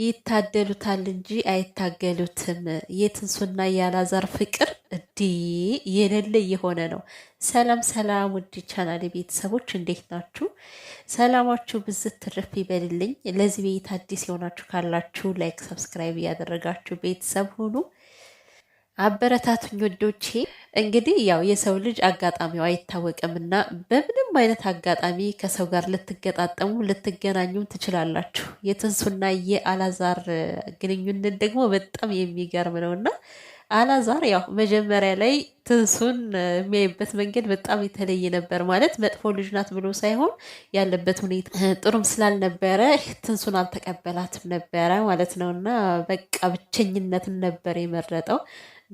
ይታደሉታል እንጂ አይታገሉትም። የትንሱና የአላዛር ፍቅር እንዲህ የሌለ የሆነ ነው። ሰላም ሰላም፣ ውድ ቻናል ቤተሰቦች እንዴት ናችሁ? ሰላማችሁ ብዝት ትርፍ ይበልልኝ። ለዚህ ቤት አዲስ የሆናችሁ ካላችሁ ላይክ፣ ሰብስክራይብ እያደረጋችሁ ቤተሰብ ሁኑ። አበረታቱኝ ወዶቼ። እንግዲህ ያው የሰው ልጅ አጋጣሚው አይታወቅም እና በምንም አይነት አጋጣሚ ከሰው ጋር ልትገጣጠሙ ልትገናኙ ትችላላችሁ። የትንሱና የአላዛር ግንኙነት ደግሞ በጣም የሚገርም ነው እና አላዛር ያው መጀመሪያ ላይ ትንሱን የሚያይበት መንገድ በጣም የተለየ ነበር። ማለት መጥፎ ልጅ ናት ብሎ ሳይሆን ያለበት ሁኔታ ጥሩም ስላልነበረ ትንሱን አልተቀበላትም ነበረ ማለት ነው። እና በቃ ብቸኝነትን ነበር የመረጠው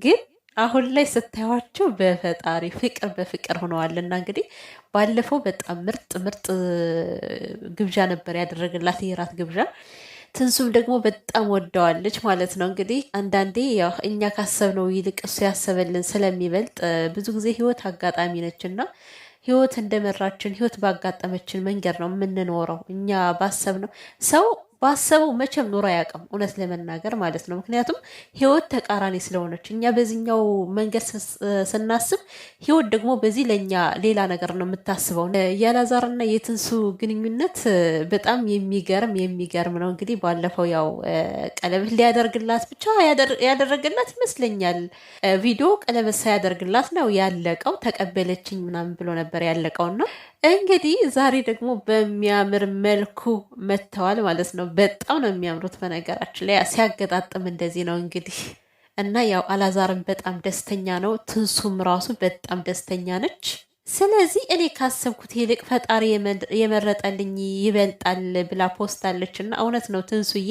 ግን አሁን ላይ ስታዩቸው በፈጣሪ ፍቅር በፍቅር ሆነዋል እና እንግዲህ ባለፈው በጣም ምርጥ ምርጥ ግብዣ ነበር ያደረገላት የራት ግብዣ ትንሱም ደግሞ በጣም ወደዋለች ማለት ነው። እንግዲህ አንዳንዴ ያው እኛ ካሰብነው ይልቅ እሱ ያሰበልን ስለሚበልጥ ብዙ ጊዜ ህይወት አጋጣሚ ነች እና ህይወት እንደመራችን ህይወት ባጋጠመችን መንገድ ነው የምንኖረው። እኛ ባሰብነው ሰው ባሰበው መቼም ኑሮ አያውቅም፣ እውነት ለመናገር ማለት ነው። ምክንያቱም ህይወት ተቃራኒ ስለሆነች እኛ በዚህኛው መንገድ ስናስብ፣ ህይወት ደግሞ በዚህ ለእኛ ሌላ ነገር ነው የምታስበው። የአላዛርና የትንሱ ግንኙነት በጣም የሚገርም የሚገርም ነው። እንግዲህ ባለፈው ያው ቀለበት ሊያደርግላት ብቻ ያደረገላት ይመስለኛል ቪዲዮ። ቀለበት ሳያደርግላት ነው ያለቀው። ተቀበለችኝ ምናምን ብሎ ነበር ያለቀውና እንግዲህ ዛሬ ደግሞ በሚያምር መልኩ መጥተዋል ማለት ነው። በጣም ነው የሚያምሩት። በነገራችን ላይ ሲያገጣጥም እንደዚህ ነው እንግዲህ እና ያው አላዛርም በጣም ደስተኛ ነው። ትንሱም ራሱ በጣም ደስተኛ ነች። ስለዚህ እኔ ካሰብኩት ይልቅ ፈጣሪ የመረጠልኝ ይበልጣል ብላ ፖስታለች እና እውነት ነው ትንሱዬ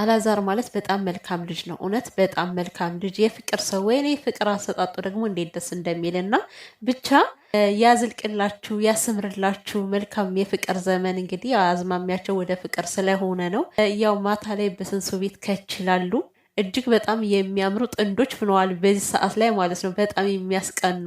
አላዛር ማለት በጣም መልካም ልጅ ነው። እውነት በጣም መልካም ልጅ፣ የፍቅር ሰው። ወይኔ ፍቅር አሰጣጡ ደግሞ እንዴት ደስ እንደሚል እና ብቻ ያዝልቅላችሁ፣ ያስምርላችሁ። መልካም የፍቅር ዘመን እንግዲህ አዝማሚያቸው ወደ ፍቅር ስለሆነ ነው። ያው ማታ ላይ በስንሱ ቤት ከችላሉ እጅግ በጣም የሚያምሩ ጥንዶች ሆነዋል። በዚህ ሰዓት ላይ ማለት ነው በጣም የሚያስቀኑ